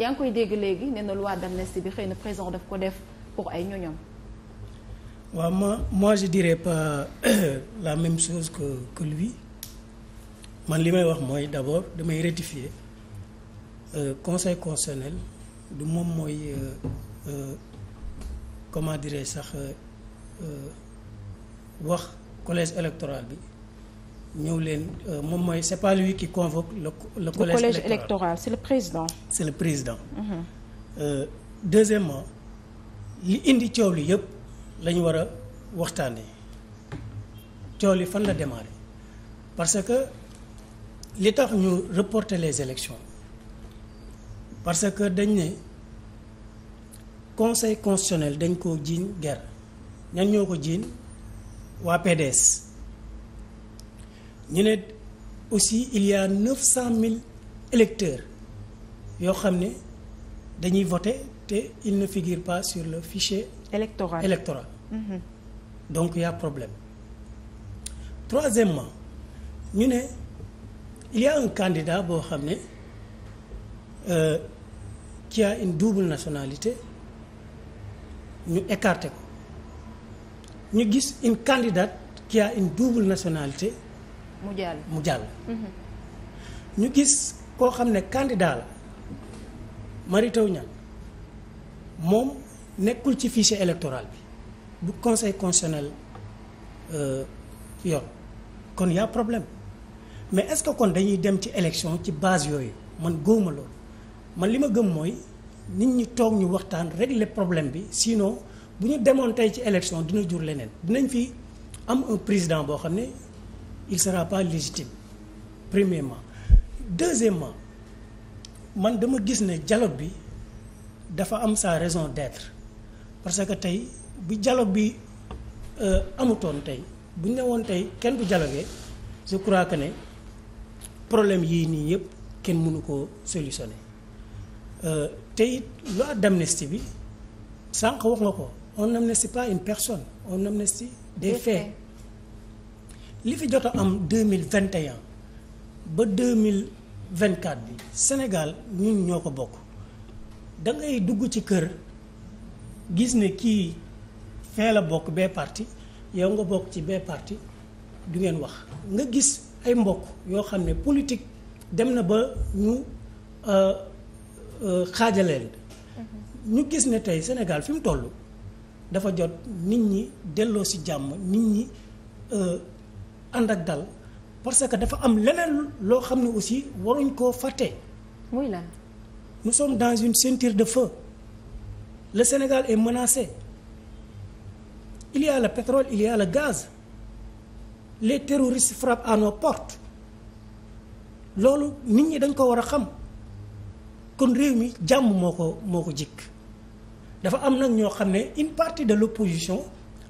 yaa ngi koy dégg léegi nee na loi d'amnistie bi xëy na président daf ko def pour ay ñoñam. waaw ma moi je dirais pas la même chose que que lui man li may wax mooy d'abord damay rectifier euh, conseil constitutionnel du moom mooy euh, euh, comment dirais sax euh, euh, wax collège électoral bi. ñëw leen euh, moom mooy c'est pas lui qui convoque le le collège, le c'est le président c'est le président mm deuxièmement li indi coow li yëpp la ñu war a waxtaanee coow li fan la démarré parce que li tax ñu reporter les élections parce que dañ ne conseil constitutionnel dañ ko jiiñ guerre ñan ñoo ko jiiñ waa PDS ñu ne aussi il y neuf cent mille électeurs yoo xam ne dañuy voter te ils ne figurent pas sur le fichier électoral électoral mhm. donc il y a problème troisièmement ñu ne il y un candidat boo xam ne euh, qui une double nationalité ñu écarté ko ñu gis une candidate qui a une double nationalité mu jàll mhm. ñu gis koo xam ne candidat la Mary Teuw Niane moom nekkul ci fichier électoral bi bu conseil constitutionnel euh, yor kon yaa problème mais est-ce que kon dañuy dem ci élection ci base yooyu man góoma loolu man li ma gëm mooy nit ñi toog ñu waxtaan régler problème bi sinon bu ñu demoon tey ci élection dina jur leneen dinañ fi am un président boo xam ne. il sera pas légitime premièrement deuxièmement man dama gis ne dialogue bi dafa am sa raison d'être parce que tey bu dialogue bi euh, amutoon tey bu ñu woon tey kenn du dialoguer je crois que ne problème yii nii yëpp kenn mënu ko solutionner euh, te it loi d'amnistie bi sànq wax nga ko on n'amnistie pas une personne on amnistie des faits li fi jot a am deux mille vingt et ba deux mille vingt quatre bi Sénégal ñun ñoo ko bokk da ngay dugg ci kër gis ne kii fee la bokk bee parti yow nga bokk ci bee parti du ngeen wax nga gis ay mbokk yoo xam ne politique dem na ba ñu euh, euh, xaajaleel mhm. ñu gis ne tey Sénégal fi mu toll dafa jot nit ñi delloo si jàmm nit ñi euh, ànd ak dal parce que dafa am leneen loo xam ne aussi waruñ koo fàtte. muy lan. nous sommes dans une ceinture de feu le Sénégal est menacé il y a le pétrole il y a le gaz les terroristes frappent à loolu nit ñi dañ ko war a xam kon réew mi jàmm moo ko moo ko jikk dafa am nag ñoo xam ne une partie de l'opposition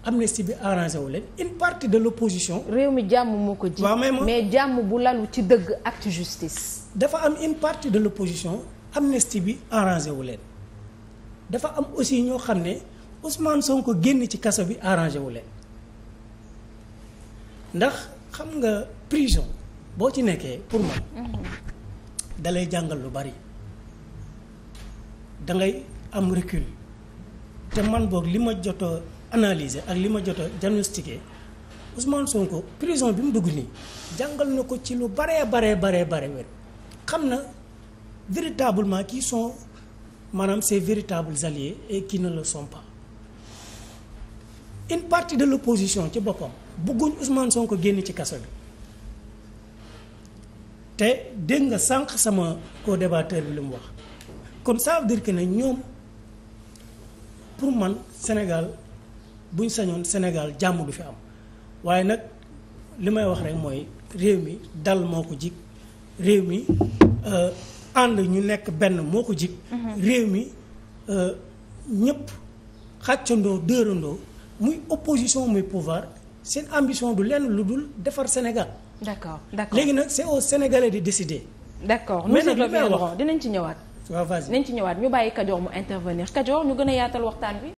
amnistie bi arrangé wu leen une partie de l'opposition. réew mi jàmm moo ko ji. mais jàmm bu lalu ci dëgg ak ci justice. dafa am une partie de l'opposition amnistie bi arrangé wu leen dafa am aussi ñoo xam ne Ousmane ko génn ci kaso bi arrangé wu leen ndax xam nga prison boo ci nekkee pour man. dalay jàngal lu bari da ngay am recul te man boog li ma joto analyser ak li ma jot a diagnostiqué Ousmane Sonko prison bi mu dugg nii jàngal na ko ci lu baree baree baree bare wér xam na véritablement qui sont maanaam ses véritables alliés et qui ne le sont pas une partie de l'opposition ci boppam bëgguñ Ousmane Sonko génne ci kaso bi te dégg nga sànq sama co bi lu mu wax kon ça veut dire ñoom pour man Sénégal buñ sañoon Sénégal jàmm du fi am waaye nag li may wax rek mooy réew mi dal moo ko jig réew mi euh, ànd ñu nekk benn moo jig mhm. réew mi euh, ñëpp xàccandoo dóorandoo muy opposition muy pouvoir seen ambition du lenn lu dul defar Sénégal d'accord d'accord léegi nag c'est aux Sénégalais de décider d'accord mais nag li may wax dinañ ci ñëwaat waaw vas ci ñëwaat ñu bàyyi Kajoor mu intervenir Kajoor ñu gën a yaatal waxtaan bi